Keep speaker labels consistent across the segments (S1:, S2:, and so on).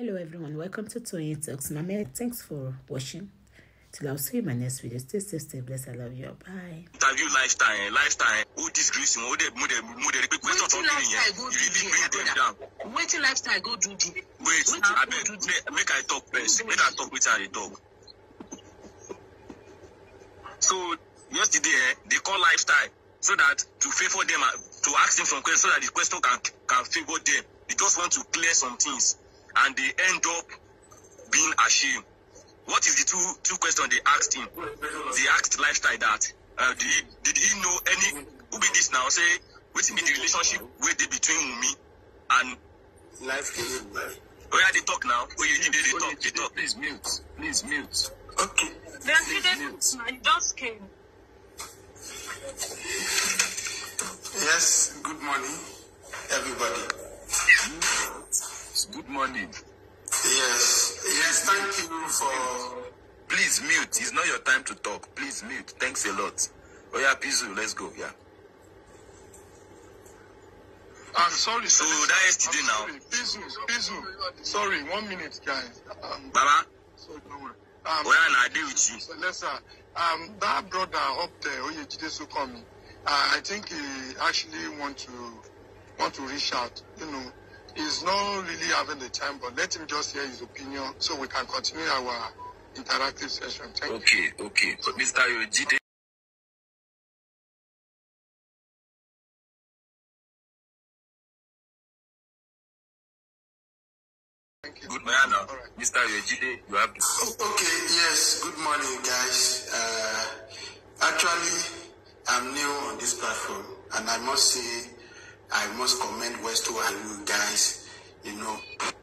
S1: hello everyone welcome to Toyeen Talks mama thanks for watching till i'll see you in my next video stay safe stay blessed i love you bye. interview lifetime. lifestyle who disgrace him who dey who dey who dey repeat question something yẹn you really bring them down. wetin lifestyle go do there. wait abeg make i talk first make i talk with i dey talk. so yesterday eh they call lifestyle so that to favour them ah, to ask them some questions so that the question can can favour them they just want to clear some things and they end up being ashamed. What is the two two questions they asked him? They asked lifestyle that uh, did, he, did he know any who be this now say what's be the relationship with the between me and life oya oh, they talk now oye jide dey talk dey talk. please mute please mute. okay.
S2: dem just came.
S1: yes good morning everybody. Good morning. Yes. Yes, thank you for. Please mute. It's not your time to talk. Please mute. Thanks a lot. Oh yeah, Pizu, let's go. Yeah. I'm sorry, sir. So that is today now.
S2: Pizu, Pizu.
S1: Sorry, one minute, guys. Um, Baba. Sorry, no worry. Um, well, I deal with you. So, listen, um, that brother up there, Oyejide Sukomi, uh, I think he actually want to want to reach out, you know, He's not really having the time, but
S2: let him just hear his opinion so we can continue our interactive session. Thank okay, you. Okay, So, Mr. Yojide. Good morning, right. Mr. Yojide. You have the floor. Oh, okay, yes. Good morning, guys.
S1: Uh, actually, I'm new
S2: on this platform, and I must say I must commend Westo and you guys, you know,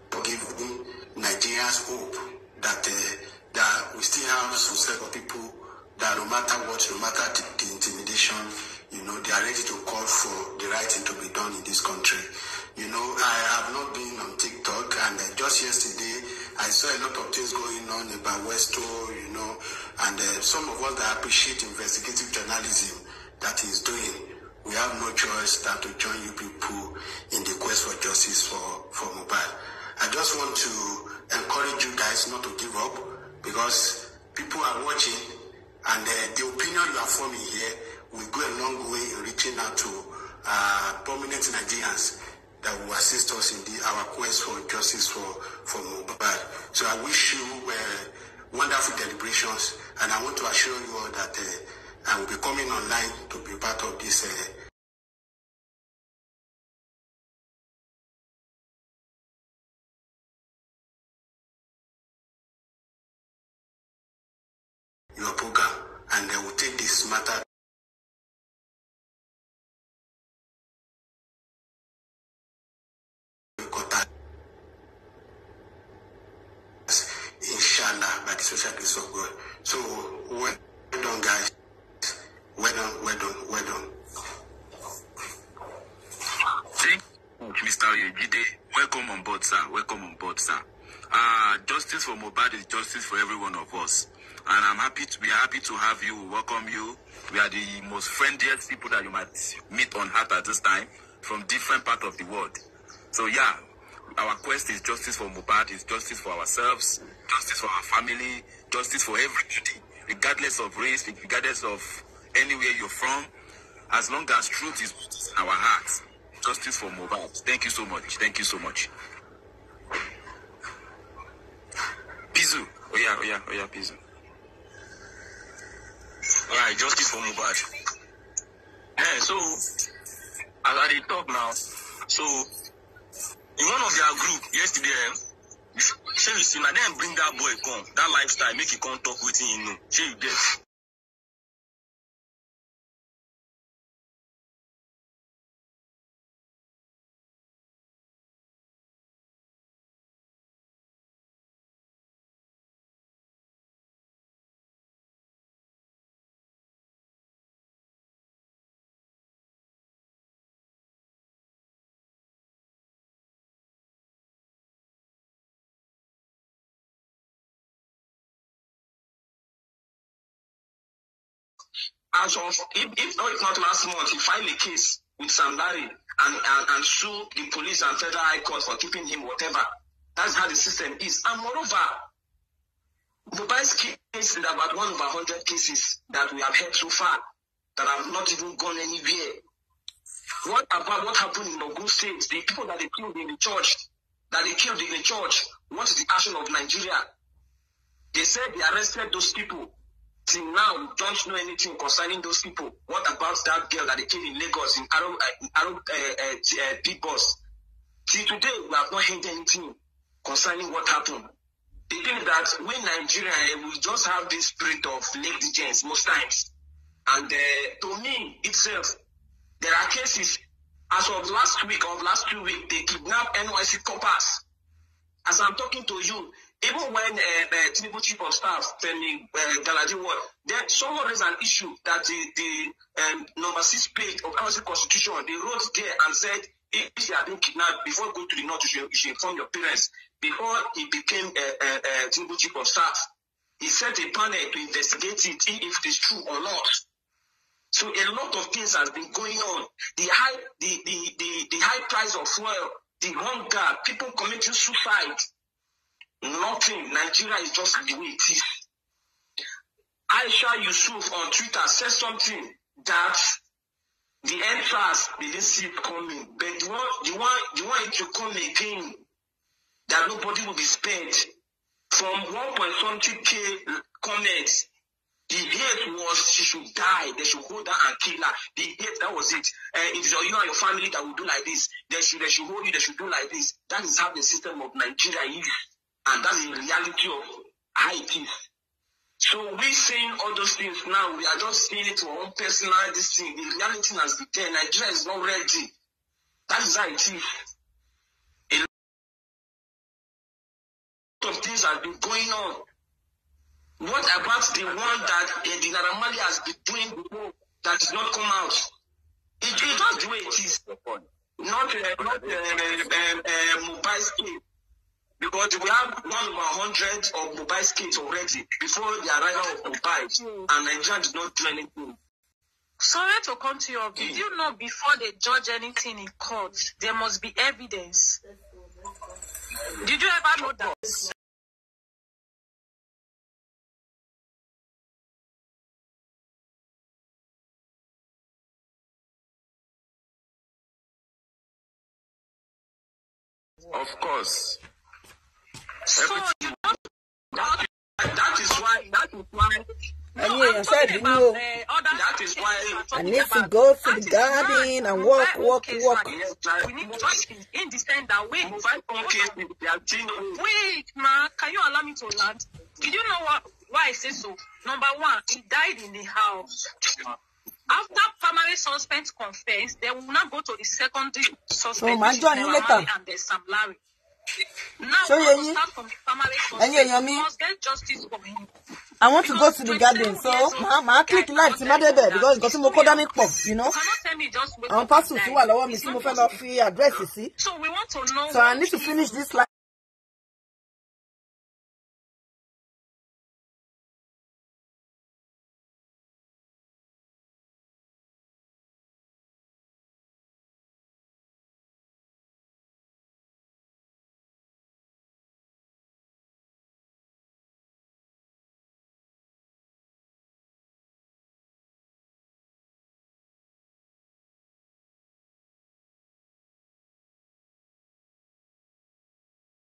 S2: for
S1: giving Nigerians hope that uh, that we still have some set of people that no matter what, no matter the, the intimidation, you know, they are ready to call for the right thing to be done in this country. You know, I have not been on TikTok, and uh, just yesterday I saw a lot of things going on about Westo, you know, and uh, some of us that appreciate investigative journalism that he's doing. we have no choice than to join you people in the quest for justice for, for Mobile. I just want to encourage you guys not to give up because people are watching and uh, the opinion you are forming here will go a long way in reaching out to uh, prominent Nigerians that will assist us in the, our quest for justice for,
S2: for Mobile. So I wish you uh, wonderful deliberations and I want to assure you all that uh, and will be coming online to be part of this. Uh, your program and they uh, will take this matter
S1: done, well done, well done. Thank you, Mr. Yejide. Welcome on board, sir. Welcome on board, sir. Uh, justice for Mobad is justice for every one of us. And I'm happy to be happy to have you. welcome you. We are the most friendliest people that you might meet on earth at this time from different parts of the world. So yeah, our quest is justice for Mobad, is justice for ourselves, justice for our family, justice for everybody, regardless of race, regardless of anywhere you're from, as long as truth is in our hearts. Justice for Mobile. Thank you so much. Thank you so much. Pizu. Oh yeah, oh yeah, oh yeah, Pizu. Alright, justice for Mobile. Yeah, so as I dey talk now, so in one of their group yesterday, eh,
S2: shey you see na dem bring that boy come, that lifestyle make you come talk wetin e know. Shey you get. As of if, if, no, if not last month, he filed a case with Sam
S1: Larry and, and, and sued the police and federal high court for keeping him, whatever. That's how the system is. And moreover, Dubai's case is about one over hundred cases that we have heard so far that have not even gone anywhere. What about what happened in Ogun State? The people that they killed in the church, that they killed in the church, what is the action of Nigeria? They said they arrested those people till now we don't know anything concerning those people. What about that girl that they killed in Lagos in Arab uh, Arab uh, uh, uh, big boss? Till today we have not heard anything concerning what happened. The thing that when Nigeria we just have this spirit of negligence most times, and uh, to me itself, there are cases as of last week of last two weeks they kidnapped NYC compass. As I'm talking to you, Even when uh, uh, Tinubu Chief of Staff, Femi uh, Galaji, was, then someone raised an issue that the, the um, number six page of MSC Constitution, they wrote there and said, if you have been kidnapped, before going to the north, you should, you should inform your parents. Before he became uh, uh, uh, Tinubu Chief of Staff, he sent a panel to investigate it if it is true or not. So a lot of things has been going on. The high, the, the, the, the high price of oil, the hunger, people committing suicide. Nothing. Nigeria is just the way it is. Aisha Yusuf on Twitter said something that the entrance they didn't see it coming, but you want you want you want it to come again that nobody will be spared. From one point something k comments, the hate was she should die. They should hold her and kill her. The hate that was it. And eh, it's you and your family that will do like this. They should they should hold you. They should do like this. That is how the system of Nigeria is. And that's the reality of how it is. So we saying all those things now, we are just saying it to our own personal this thing. The reality has been there. Nigeria is not ready.
S2: That is how it is. A lot of things have been going on. What about the one that
S1: uh, the Naramali has been doing before that did not come out? It, it just the way it is. Not, uh, not uh, uh, uh, mobile state because we have one over hundred of mobile skins already before the arrival of mobile, and Nigeria did not do anything. Sorry to come to your view. Mm. You know, before they judge
S2: anything in court, there must be evidence. Did you ever know that? Of course. So That, is why. That is why. and yeah, I'm talking about know.
S1: that is why I need to go to the garden and walk, walk, case walk. we need to in the stand that we wait, ma, can you allow me to land? Did you know what why I say so? Number one, he died in the house. After primary suspect confess, they will now go to the secondary
S2: suspect, oh, which is and there's some Larry ṣóyè
S1: yín ẹ̀yin èèyàn mi I want to go to the garden so màá màá click like tí má débẹ̀ because nǹkan got some more dání pop, you know I'm àwọn parcel tí wà
S2: lọ́wọ́ mi tí mo fẹ́ lọ fi àdírẹ́sì sí so I need to finish this line.